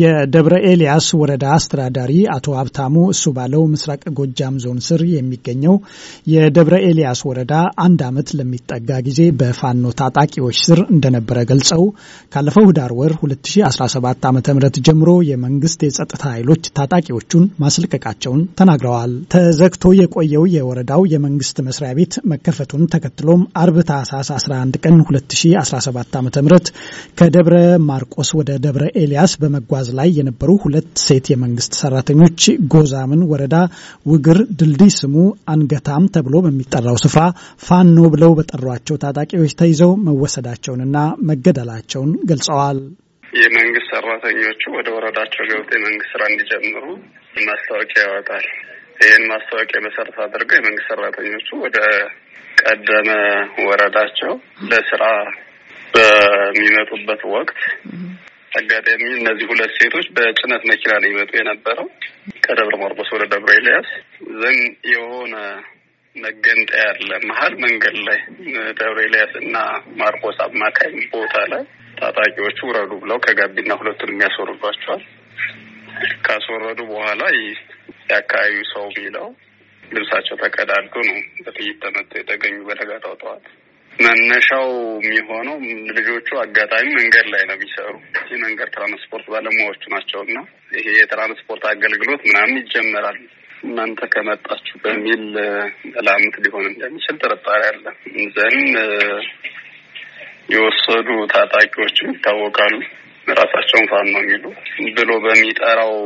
የደብረ ኤልያስ ወረዳ አስተዳዳሪ አቶ ሀብታሙ እሱ ባለው ምስራቅ ጎጃም ዞን ስር የሚገኘው የደብረ ኤልያስ ወረዳ አንድ ዓመት ለሚጠጋ ጊዜ በፋኖ ታጣቂዎች ስር እንደነበረ ገልጸው ካለፈው ህዳር ወር 2017 ዓ ም ጀምሮ የመንግስት የጸጥታ ኃይሎች ታጣቂዎቹን ማስለቀቃቸውን ተናግረዋል። ተዘግቶ የቆየው የወረዳው የመንግስት መስሪያ ቤት መከፈቱን ተከትሎም አርብ ታህሳስ 11 ቀን 2017 ዓ ም ከደብረ ማርቆስ ወደ ደብረ ኤልያስ በመጓ በትዕዛዝ ላይ የነበሩ ሁለት ሴት የመንግስት ሰራተኞች ጎዛምን ወረዳ ውግር ድልድይ ስሙ አንገታም ተብሎ በሚጠራው ስፍራ ፋኖ ብለው በጠሯቸው ታጣቂዎች ተይዘው መወሰዳቸውንና መገደላቸውን ገልጸዋል። የመንግስት ሰራተኞቹ ወደ ወረዳቸው ገብተው የመንግስት ስራ እንዲጀምሩ ማስታወቂያ ያወጣል። ይህን ማስታወቂያ መሰረት አድርገው የመንግስት ሰራተኞቹ ወደ ቀደመ ወረዳቸው ለስራ በሚመጡበት ወቅት አጋጣሚ እነዚህ ሁለት ሴቶች በጭነት መኪና ነው ይመጡ የነበረው ከደብረ ማርቆስ ወደ ደብረ ኤልያስ ዘን የሆነ መገንጠያ ያለ መሀል መንገድ ላይ ደብረ ኤልያስ እና ማርቆስ አማካኝ ቦታ ላይ ታጣቂዎቹ ውረዱ ብለው ከጋቢና ሁለቱን የሚያስወርዷቸዋል። ካስወረዱ በኋላ የአካባቢው ሰው የሚለው ልብሳቸው ተቀዳዶ ነው በጥይት ተመቶ የተገኙ በነጋታው ጠዋት መነሻው የሚሆነው ልጆቹ አጋጣሚ መንገድ ላይ ነው የሚሰሩ እዚህ መንገድ ትራንስፖርት ባለሙያዎቹ ናቸው እና ይሄ የትራንስፖርት አገልግሎት ምናምን ይጀመራል እናንተ ከመጣችሁ በሚል መላምት ሊሆን እንደሚችል ጥርጣሬ አለ ዘን የወሰዱ ታጣቂዎችም ይታወቃሉ ራሳቸውን ፋኖ ነው የሚሉ ብሎ በሚጠራው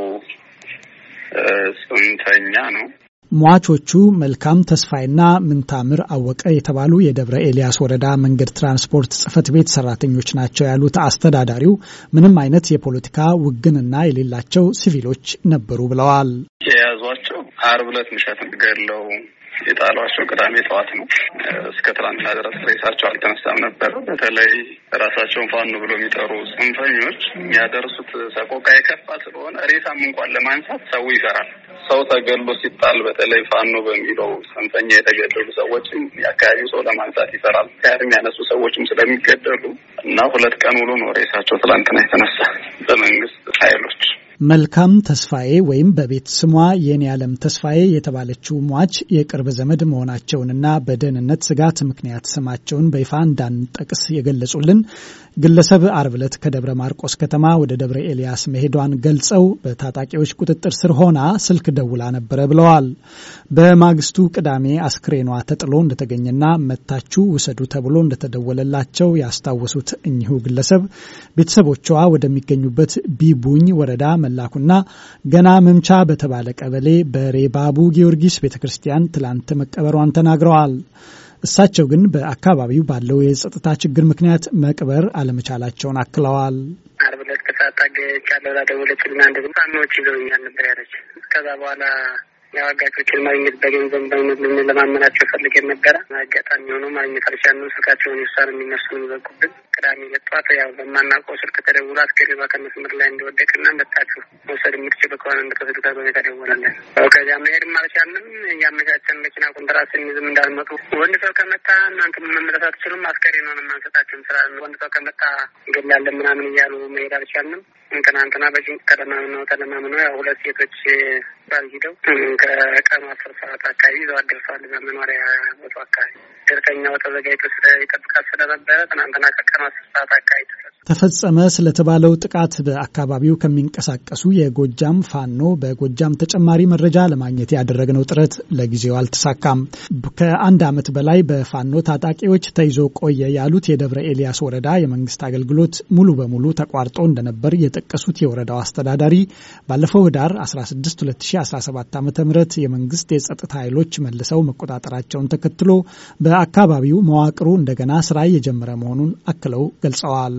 ጽንፈኛ ነው ሟቾቹ መልካም ተስፋይና ምንታምር አወቀ የተባሉ የደብረ ኤልያስ ወረዳ መንገድ ትራንስፖርት ጽህፈት ቤት ሰራተኞች ናቸው ያሉት አስተዳዳሪው ምንም አይነት የፖለቲካ ውግንና የሌላቸው ሲቪሎች ነበሩ ብለዋል። የያዟቸው አርብ ዕለት ምሸት ገለው የጣሏቸው ቅዳሜ ጠዋት ነው። እስከ ትናንትና ድረስ ሬሳቸው አልተነሳም ነበር። በተለይ ራሳቸውን ፋኑ ብሎ የሚጠሩ ጽንፈኞች የሚያደርሱት ሰቆቃ የከፋ ስለሆነ ሬሳም እንኳን ለማንሳት ሰው ይፈራል። ሰው ተገሎ ሲጣል በተለይ ፋኖ በሚለው ጽንፈኛ የተገደሉ ሰዎችም የአካባቢው ሰው ለማንሳት ይሰራል። ምክንያቱም ያነሱ ሰዎችም ስለሚገደሉ እና ሁለት ቀን ውሎ ነው ሬሳቸው ትላንትና የተነሳ በመንግስት ኃይሎች መልካም ተስፋዬ ወይም በቤት ስሟ የኔ ዓለም ተስፋዬ የተባለችው ሟች የቅርብ ዘመድ መሆናቸውንና በደህንነት ስጋት ምክንያት ስማቸውን በይፋ እንዳንጠቅስ የገለጹልን ግለሰብ አርብ ዕለት ከደብረ ማርቆስ ከተማ ወደ ደብረ ኤልያስ መሄዷን ገልጸው በታጣቂዎች ቁጥጥር ስር ሆና ስልክ ደውላ ነበረ ብለዋል። በማግስቱ ቅዳሜ አስክሬኗ ተጥሎ እንደተገኘና መታችሁ ውሰዱ ተብሎ እንደተደወለላቸው ያስታወሱት እኚሁ ግለሰብ ቤተሰቦቿ ወደሚገኙበት ቢቡኝ ወረዳ መላኩና ገና መምቻ በተባለ ቀበሌ በሬባቡ ጊዮርጊስ ቤተ ክርስቲያን ትላንት መቀበሯን ተናግረዋል። እሳቸው ግን በአካባቢው ባለው የጸጥታ ችግር ምክንያት መቅበር አለመቻላቸውን አክለዋል። አርብ ዕለት ከሰዓት ጫለላ አንድ ፋኖዎች ይዘውኛል ነበር ያለች ከዛ በኋላ ያው አጋቾችን ማግኘት በገንዘብ በአይነት ልን ለማመናቸው ፈልገን ነበረ። አጋጣሚ ሆኖ ማግኘት አልቻልንም። ስልካቸውን ይሳር የሚነሱ የሚዘጉብን ቅዳሜ ለጠዋት ያው በማናውቀው ስልክ ተደውሎ አስገሪባ ከመስመር ላይ ና እንደታችሁ መውሰድ የምትችል ከሆነ እንደተወሰዱ ጋር በሜታ ደወላለን። ከዚያ መሄድ አልቻልንም። እያመቻቸን መኪና ቁንጥራ ስንይዝም እንዳልመጡ ወንድ ሰው ከመጣ እናንተ መመለስ አትችሉም፣ አስገሪ ነውን ማንሰጣችሁም ስራ ወንድ ሰው ከመጣ እንገላለን ምናምን እያሉ መሄድ አልቻልንም። ትናንትና በጭንቅ ተለማምነው ተለማምነው ያው ሁለት ሴቶች ባልሂደው ከቀኑ አስር ሰዓት አካባቢ ይዘው አደርሰዋል። በመኖሪያ ቦታው አካባቢ ድርተኛው ተዘጋጅቶ ይጠብቃት ስለነበረ ትናንትና ከቀኑ አስር ሰዓት አካባቢ ተፈጸመ ስለተባለው ጥቃት በአካባቢው ከሚንቀሳቀሱ የጎጃም ፋኖ በጎጃም ተጨማሪ መረጃ ለማግኘት ያደረግነው ጥረት ለጊዜው አልተሳካም። ከአንድ ዓመት በላይ በፋኖ ታጣቂዎች ተይዞ ቆየ ያሉት የደብረ ኤልያስ ወረዳ የመንግስት አገልግሎት ሙሉ በሙሉ ተቋርጦ እንደነበር የጠቀሱት የወረዳው አስተዳዳሪ ባለፈው ህዳር 16 2017 ዓ ም የመንግስት የጸጥታ ኃይሎች መልሰው መቆጣጠራቸውን ተከትሎ በአካባቢው መዋቅሩ እንደገና ስራ እየጀመረ መሆኑን አክለው ገልጸዋል።